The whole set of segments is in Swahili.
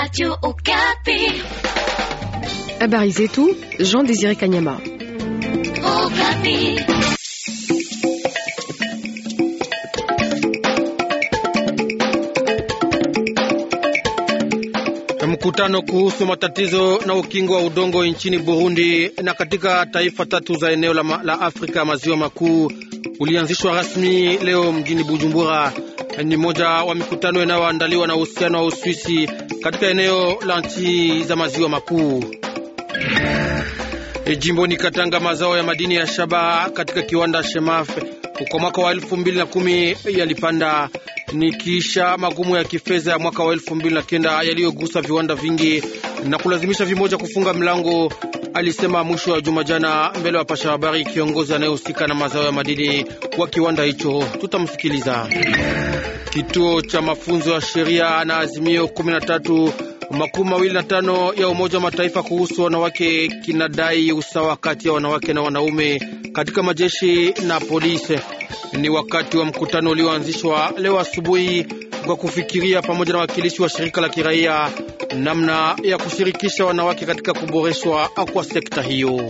Radio Okapi. Habari zetu Jean Désiré Kanyama. Okapi. Mkutano kuhusu matatizo na ukingo wa udongo nchini Burundi na katika taifa tatu za eneo la, ma, la Afrika maziwa makuu ulianzishwa rasmi leo mjini Bujumbura. Ni moja wa mikutano inayoandaliwa na uhusiano wa Uswisi katika eneo la nchi za maziwa makuu. E, jimboni Katanga, mazao ya madini ya shaba katika kiwanda Shemaf kwa mwaka wa elfu mbili na kumi yalipanda nikiisha magumu ya kifedha ya mwaka wa elfu mbili na kenda yaliyogusa viwanda vingi na kulazimisha vimoja kufunga mlango alisema mwisho wa juma jana mbele wa pasha habari kiongozi anayehusika na mazao ya madini wa kiwanda hicho. Tutamsikiliza. Kituo cha mafunzo ya sheria na azimio 13 makuu mawili na tano ya Umoja wa Mataifa kuhusu wanawake kinadai usawa kati ya wanawake na wanaume katika majeshi na polisi. Ni wakati wa mkutano ulioanzishwa leo asubuhi kwa kufikiria pamoja na wakilishi wa shirika la kiraia namna ya kushirikisha wanawake katika kuboreshwa kwa sekta hiyo.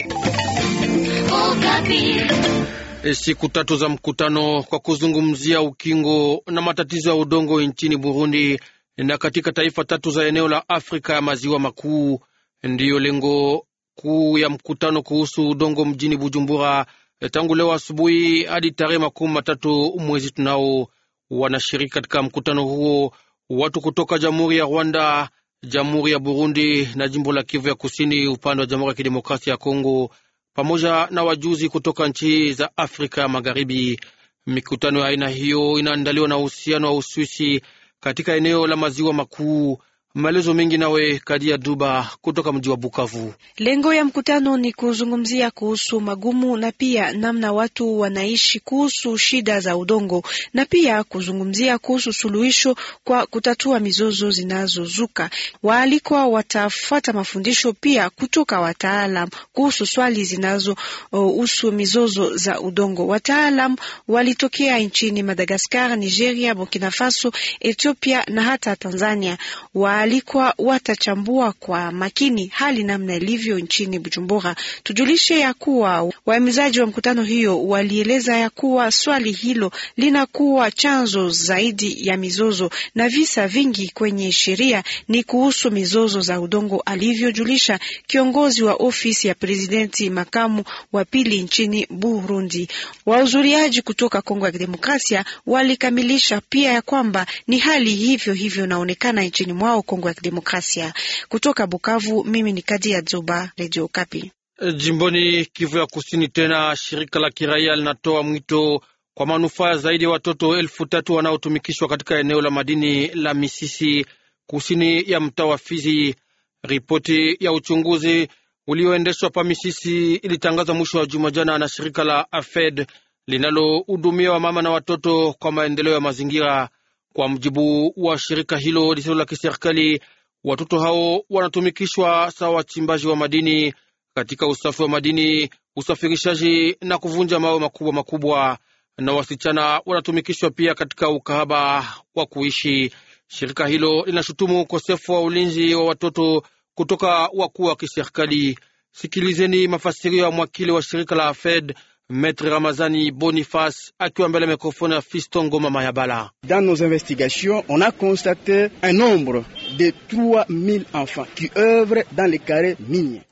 E, siku tatu za mkutano kwa kuzungumzia ukingo na matatizo ya udongo nchini Burundi na katika taifa tatu za eneo la Afrika ya maziwa makuu ndiyo lengo kuu ya mkutano kuhusu udongo mjini Bujumbura e, tangu leo asubuhi hadi tarehe makumi matatu mwezi tunao Wanashiriki katika mkutano huo watu kutoka Jamhuri ya Rwanda, Jamhuri ya Burundi na jimbo la Kivu ya Kusini upande wa Jamhuri ya Kidemokrasia ya Kongo, pamoja na wajuzi kutoka nchi za Afrika Magharibi. Mikutano ya aina hiyo inaandaliwa na uhusiano wa Uswisi katika eneo la maziwa makuu. Maelezo mengi nawe Kadia Duba kutoka mji wa Bukavu. Lengo ya mkutano ni kuzungumzia kuhusu magumu na pia namna watu wanaishi kuhusu shida za udongo na pia kuzungumzia kuhusu suluhisho kwa kutatua mizozo zinazozuka. Waalikwa watafuata mafundisho pia kutoka wataalam kuhusu swali zinazohusu uh, mizozo za udongo. Wataalam walitokea nchini Madagaskar, Nigeria, Burkina Faso, Ethiopia na hata Tanzania wa waalikwa watachambua kwa makini hali namna ilivyo nchini Bujumbura. Tujulishe ya kuwa wahimizaji wa mkutano hiyo walieleza ya kuwa swali hilo linakuwa chanzo zaidi ya mizozo na visa vingi kwenye sheria ni kuhusu mizozo za udongo, alivyojulisha kiongozi wa ofisi ya presidenti makamu wa pili nchini Burundi. Wahudhuriaji kutoka Kongo ya Kidemokrasia walikamilisha pia ya kwamba ni hali hivyo hivyo inaonekana nchini mwao Kongo ya Kidemokrasia. Kutoka Bukavu, mimi ni Kadi ya Zuba, Redio Kapi. Jimboni Kivu ya Kusini, tena shirika la kiraia linatoa mwito kwa manufaa zaidi ya watoto elfu tatu wanaotumikishwa katika eneo la madini la Misisi kusini ya mtaa wa Fizi. Ripoti ya uchunguzi ulioendeshwa pa Misisi ilitangazwa mwisho wa juma jana na shirika la AFED linalohudumia wamama na watoto kwa maendeleo ya mazingira. Kwa mjibu wa shirika hilo lisilo la kiserikali, watoto hao wanatumikishwa sawa wachimbaji wa madini katika usafi wa madini, usafirishaji na kuvunja mawe makubwa makubwa, na wasichana wanatumikishwa pia katika ukahaba wa kuishi. Shirika hilo linashutumu ukosefu wa ulinzi wa watoto kutoka wakuu wa kiserikali. Sikilizeni mafasirio ya mwakili wa shirika la AFED Maître Ramazani Boniface akiwa mbele ya mikrofoni ya Fiston Mayabala. Dans nos investigations, on a constaté un nombre de 3000 enfants qui œuvrent dans les carrés miniers.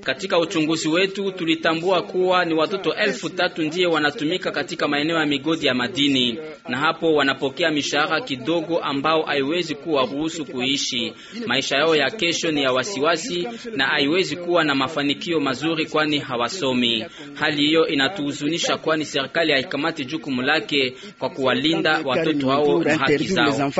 Katika uchunguzi wetu tulitambua kuwa ni watoto elfu tatu ndiye wanatumika katika maeneo ya migodi ya madini, na hapo wanapokea mishahara kidogo ambao haiwezi kuwa ruhusu kuishi. Maisha yao ya kesho ni ya wasiwasi na haiwezi kuwa na mafanikio mazuri, kwani hawasomi. Hali hiyo inatuhuzunisha, kwani serikali haikamati jukumu lake kwa kuwalinda watoto hao na haki zao.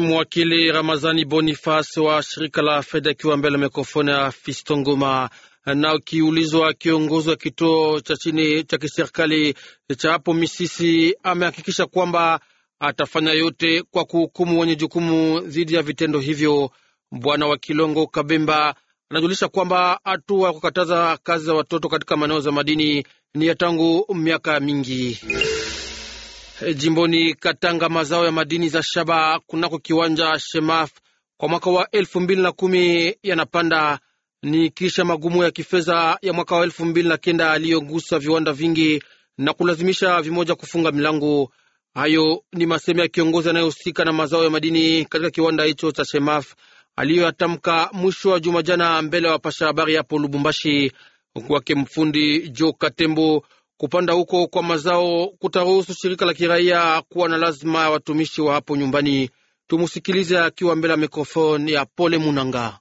Mwakili Kanali Ramazani Bonifas wa shirika la fedha akiwa mbele mikrofoni ya Fistongoma na ukiulizwa kiongozi wa kituo cha chini cha kiserikali cha hapo Misisi amehakikisha kwamba atafanya yote kwa kuhukumu wenye jukumu dhidi ya vitendo hivyo. Bwana wa Kilongo Kabemba anajulisha kwamba hatua ya kukataza kazi za watoto katika maeneo za madini ni ya tangu miaka mingi. Eh, jimboni Katanga mazao ya madini za shaba kunako kiwanja Shemaf kwa mwaka wa elfu mbili na kumi yanapanda ni kisha magumu ya kifedha ya mwaka wa elfu mbili na kenda aliyogusa viwanda vingi na kulazimisha vimoja kufunga milango. Hayo ni maseme ya kiongozi anayehusika na mazao ya madini katika kiwanda hicho cha Shemaf aliyoyatamka mwisho wa juma jana mbele ya wapasha habari hapo Lubumbashi. Kwake mfundi Jo Katembo, Kupanda huko kwa mazao kutaruhusu shirika la kiraia kuwa na lazima ya watumishi wa hapo nyumbani. Tumusikilize akiwa mbele ya mikrofoni ya Pole Munanga.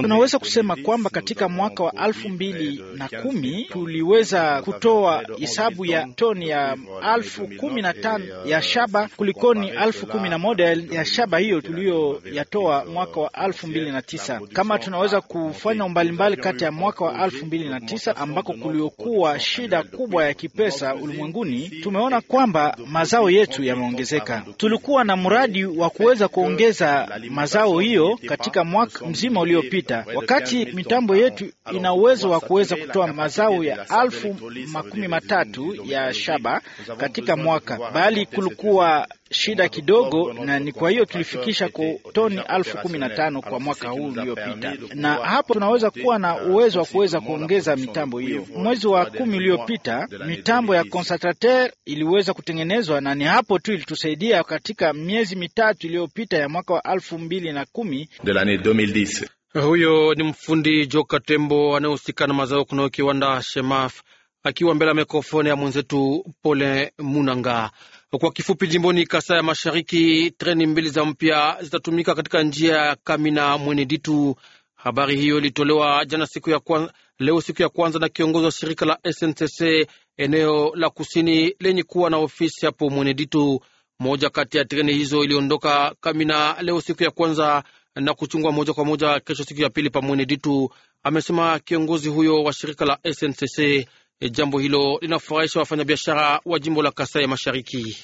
Tunaweza kusema kwamba katika mwaka wa elfu mbili na kumi tuliweza kutoa hesabu ya toni ya elfu kumi na tano ya shaba kulikoni elfu kumi na moja ya shaba hiyo tuliyoyatoa mwaka wa elfu mbili na tisa Kama tunaweza kufanya umbalimbali kati ya mwaka wa elfu mbili na tisa ambako kuliokuwa shida kubwa ya kipesa ulimwenguni, tumeona kwamba mazao yetu yameongezeka. Tulikuwa na mradi wa kuweza kuongeza mazao hiyo katika mwaka mzima uliopita, wakati mitambo yetu ina uwezo wa kuweza kutoa mazao ya alfu makumi matatu ya shaba katika mwaka, bali kulikuwa shida kidogo, na ni kwa hiyo tulifikisha kwa toni alfu kumi na tano kwa mwaka huu uliopita, na hapo tunaweza kuwa na uwezo wa kuweza kuongeza mitambo hiyo. Mwezi wa kumi uliopita mitambo ya concentrateur iliweza kutengenezwa, na ni hapo tu ilitusaidia katika miezi mitatu iliyopita ya mwaka wa alfu mbili na kumi huyo ni mfundi Joka Tembo anayehusika na mazao kunayo kiwanda Shemaf, akiwa mbele ya mikrofoni ya mwenzetu Pole Munanga. Kwa kifupi, jimboni Kasa ya Mashariki, treni mbili za mpya zitatumika katika njia ya Kamina Mweneditu. Habari hiyo ilitolewa jana siku ya kwanza, leo siku ya kwanza na kiongozi wa shirika la SNCC eneo la kusini lenye kuwa na ofisi hapo Mweneditu. Moja kati ya treni hizo iliondoka Kamina leo siku ya kwanza na kuchungwa moja kwa moja kesho siku ya pili Mwene Ditu, amesema kiongozi huyo wa shirika la SNCC. Eh, jambo hilo linafurahisha wafanyabiashara wa jimbo la Kasai ya Mashariki.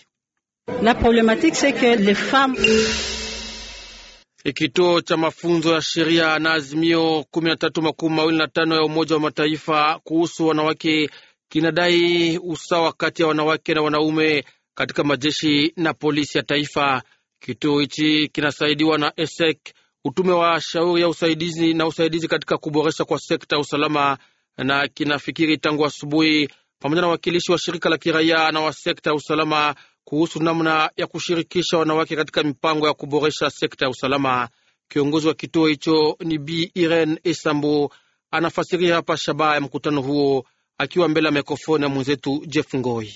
Eh, kituo cha mafunzo ya sheria na azimio kumi na mawili na tano ya Umoja wa Mataifa kuhusu wanawake kinadai usawa kati ya wanawake na wanaume katika majeshi na polisi ya taifa. Kituo hichi kinasaidiwa na ESEC, utume wa shauri ya usaidizi na usaidizi katika kuboresha kwa sekta ya usalama, na kinafikiri tangu asubuhi pamoja na wakilishi wa shirika la kiraia na wa sekta ya usalama kuhusu namna ya kushirikisha wanawake katika mipango ya kuboresha sekta ya usalama. Kiongozi wa kituo hicho ni Bi Irene Esambu anafasiria hapa shabaha ya mkutano huo akiwa mbele ya mikrofoni ya mwenzetu Jeff Ngoi.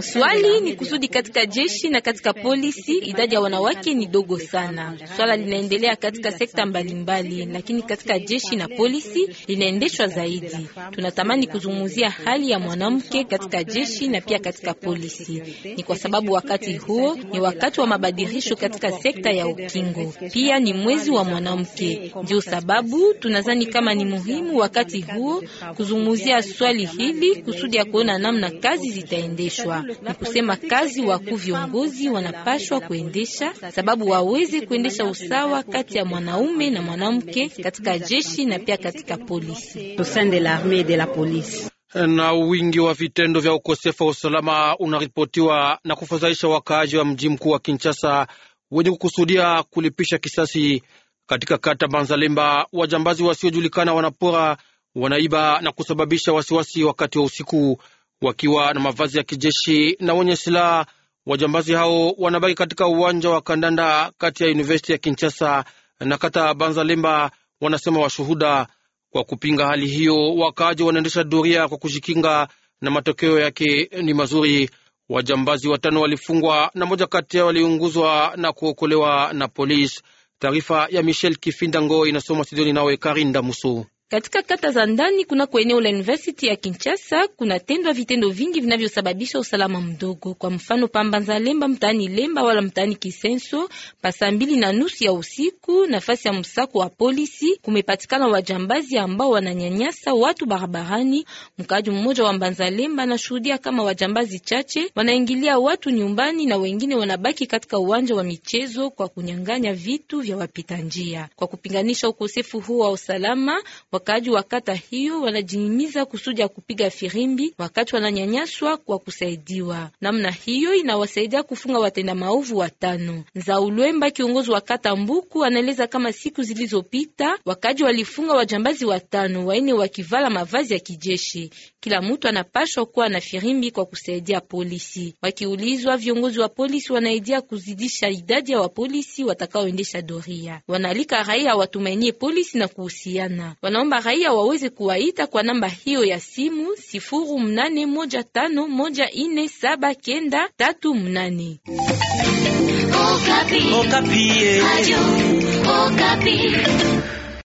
Swali ni kusudi katika jeshi na katika polisi, idadi ya wanawake ni dogo sana. Swala linaendelea katika sekta mbalimbali, lakini katika jeshi na polisi linaendeshwa zaidi. Tunatamani kuzungumzia hali ya mwanamke katika jeshi na pia katika polisi, ni kwa sababu wakati huo ni wakati wa mabadilisho katika sekta ya ukingo, pia ni mwezi wa mwanamke. Ndio sababu tunazani kama ni muhimu wakati huo kuzungumzia swali hili kusudi ya kuona namna kazi zitaendeshwa. Ni kusema kazi wakuu viongozi wanapashwa kuendesha, sababu waweze kuendesha usawa kati ya mwanaume na mwanamke katika jeshi na pia katika polisi na wingi wa vitendo vya ukosefu wa usalama unaripotiwa na kufadhaisha wakaaji wa mji mkuu wa Kinshasa wenye kukusudia kulipisha kisasi. Katika kata Banzalemba, wajambazi wasiojulikana wanapora wanaiba na kusababisha wasiwasi wakati wa usiku, wakiwa na mavazi ya kijeshi na wenye silaha. Wajambazi hao wanabaki katika uwanja wa kandanda kati ya University ya Kinshasa na kata Banzalemba, wanasema washuhuda. Kwa kupinga hali hiyo, wakaaji wanaendesha doria kwa kujikinga, na matokeo yake ni mazuri. Wajambazi watano walifungwa na moja kati yao waliunguzwa na kuokolewa na polisi. Taarifa ya Michel Kifinda Ngo inasoma Sidoni nawe Karinda Musu. Katika kata za ndani kuna eneo la University ya Kinshasa kunatendwa vitendo vingi vinavyosababisha usalama mdogo. Kwa mfano, pambanza Lemba mtaani Lemba wala mtaani Kisenso, pasa mbili na nusu ya usiku, nafasi ya msako wa polisi, kumepatikana wajambazi ambao wananyanyasa watu barabarani. Mkaaji mmoja wa Mbanza Lemba anashuhudia kama wajambazi chache wanaingilia watu nyumbani na wengine wanabaki katika uwanja wa michezo kwa kunyang'anya vitu vya wapita njia. Kwa kupinganisha ukosefu huo wa usalama Wakaaji wa kata hiyo wanajihimiza kusudi ya kupiga firimbi wakati wananyanyaswa kwa kusaidiwa. Namna hiyo inawasaidia kufunga watenda maovu watano. Nzaulwemba, kiongozi wa kata Mbuku, anaeleza kama siku zilizopita wakaaji walifunga wajambazi watano, waine wakivala mavazi ya kijeshi. Kila mtu anapashwa kuwa na firimbi kwa kusaidia polisi. Wakiulizwa, viongozi wa polisi wanaidia kuzidisha idadi ya wapolisi watakaoendesha doria. Wanaalika raia watumainie polisi na kuhusiana Wanaomba kwamba raia waweze kuwaita kwa namba hiyo ya simu sifuru mnane moja tano moja ine saba kenda tatu mnane. Okapi. Okapi. Okapi.